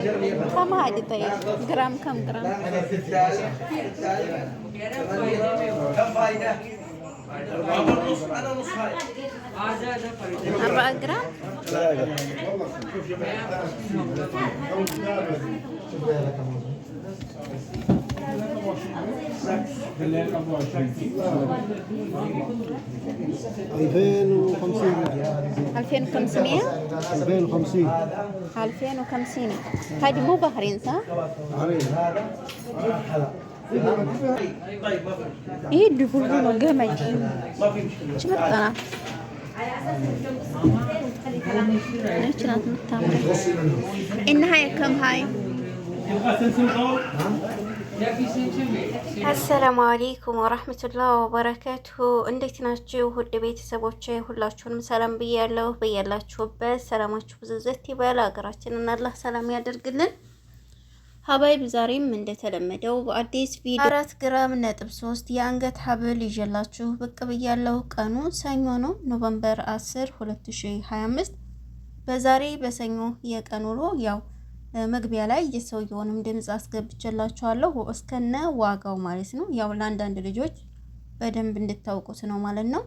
Kam hadi tayo. Gram kam gram. Arba gram? Arba gram? 2500 2500 2550 هذه مو بحرين صح؟ إيه، بحرين طيب ما في ايه ما في مشكله شو بتطلع؟ كم هاي؟ አሰላሙ አሌይኩም ወራህመቱላህ ወበረካቱሁ። እንዴት ናችሁ ውድ ቤተሰቦች? ሁላችሁንም ሰላም ብያለሁ። በያላችሁበት ሰላማችሁ ብዝዝት ይበል። ሀገራችንን አላህ ሰላም ያደርግልን። ሀባይብ ዛሬም እንደተለመደው በአዲስ ቪዲዮ አራት ግራም ነጥብ ሶስት የአንገት ሀብል ይዤላችሁ ብቅ ብያለሁ። ቀኑ ሰኞ ነው ኖቨምበር 10 2025። በዛሬ በሰኞ የቀን ውሎ ያው መግቢያ ላይ የሰውየውንም ድምፅ አስገብቼላችኋለሁ እስከነ ዋጋው ማለት ነው። ያው ለአንዳንድ ልጆች በደንብ እንድታውቁት ነው ማለት ነው።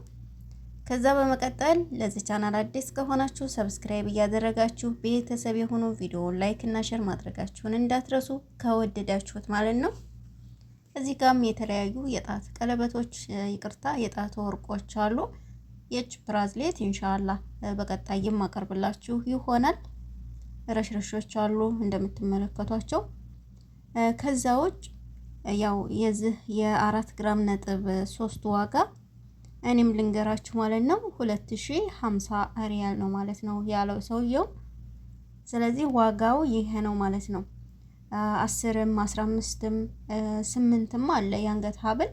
ከዛ በመቀጠል ለዚህ ቻናል አዲስ ከሆናችሁ ሰብስክራይብ እያደረጋችሁ ቤተሰብ የሆኑ ቪዲዮ ላይክ እና ሼር ማድረጋችሁን እንዳትረሱ ከወደዳችሁት ማለት ነው። እዚህ ጋም የተለያዩ የጣት ቀለበቶች ይቅርታ፣ የጣት ወርቆች አሉ። የእጅ ብራዝሌት ኢንሻአላህ በቀጣይ የማቀርብላችሁ ይሆናል። ረሽረሾች አሉ እንደምትመለከቷቸው። ከዛ ውጭ ያው የዚህ የአራት ግራም ነጥብ ሶስት ዋጋ እኔም ልንገራችሁ ማለት ነው ሁለት ሺ ሀምሳ ሪያል ነው ማለት ነው ያለው ሰውየው። ስለዚህ ዋጋው ይሄ ነው ማለት ነው። አስርም አስራ አምስትም ስምንትም አለ የአንገት ሀብል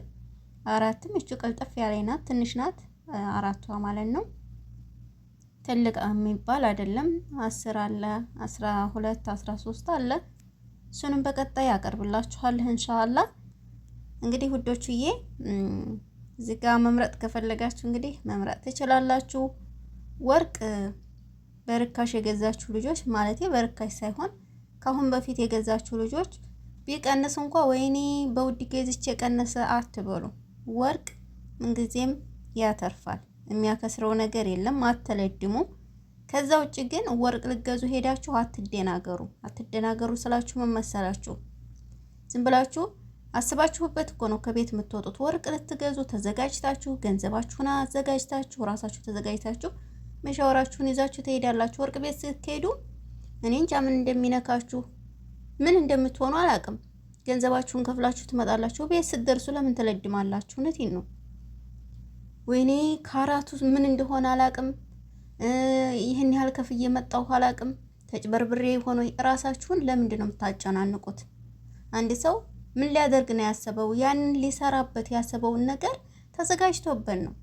አራትም እቹ ቀልጠፍ ያለች ናት፣ ትንሽ ናት አራቷ ማለት ነው። ትልቅ የሚባል አይደለም። አስር አለ አስራ ሁለት አስራ ሶስት አለ። እሱንም በቀጣይ አቀርብላችኋለሁ እንሻላ። እንግዲህ ውዶቹዬ እዚህ ጋ መምረጥ ከፈለጋችሁ እንግዲህ መምረጥ ትችላላችሁ። ወርቅ በርካሽ የገዛችሁ ልጆች ማለት በርካሽ ሳይሆን ከአሁን በፊት የገዛችሁ ልጆች ቢቀንስ እንኳ ወይኔ በውድ ገዝቼ የቀነሰ አትበሉ። ወርቅ ምንጊዜም ያተርፋል። የሚያከስረው ነገር የለም። አትለድሙ ከዛ ውጭ ግን ወርቅ ልገዙ ሄዳችሁ አትደናገሩ። አትደናገሩ ስላችሁ ምን መሰላችሁ? ዝም ብላችሁ አስባችሁበት እኮ ነው ከቤት የምትወጡት። ወርቅ ልትገዙ ተዘጋጅታችሁ፣ ገንዘባችሁን አዘጋጅታችሁ፣ ራሳችሁ ተዘጋጅታችሁ፣ መሻወራችሁን ይዛችሁ ትሄዳላችሁ። ወርቅ ቤት ስትሄዱ እኔ እንጃ ምን እንደሚነካችሁ ምን እንደምትሆኑ አላውቅም። ገንዘባችሁን ከፍላችሁ ትመጣላችሁ። ቤት ስትደርሱ ለምን ትለድማላችሁ? እውነቴን ነው። ወይኔ ካራቱ ምን እንደሆነ አላቅም። ይህን ያህል ከፍዬ መጣሁ አላቅም። ተጭበርብሬ ሆኖ እራሳችሁን ለምንድን ነው የምታጨናንቁት? አንድ ሰው ምን ሊያደርግ ነው ያሰበው? ያንን ሊሰራበት ያሰበውን ነገር ተዘጋጅቶበት ነው።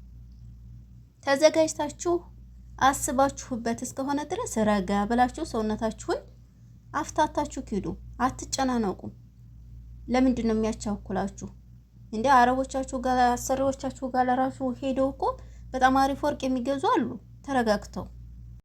ተዘጋጅታችሁ አስባችሁበት እስከሆነ ድረስ ረጋ ብላችሁ ሰውነታችሁን አፍታታችሁ ኪዱ። አትጨናነቁ። ለምንድን ነው የሚያቻኩላችሁ? እንደ አረቦቻችሁ ጋር አሰሪዎቻችሁ ጋር ለራሱ ሄደው እኮ በጣም አሪፍ ወርቅ የሚገዙ አሉ ተረጋግተው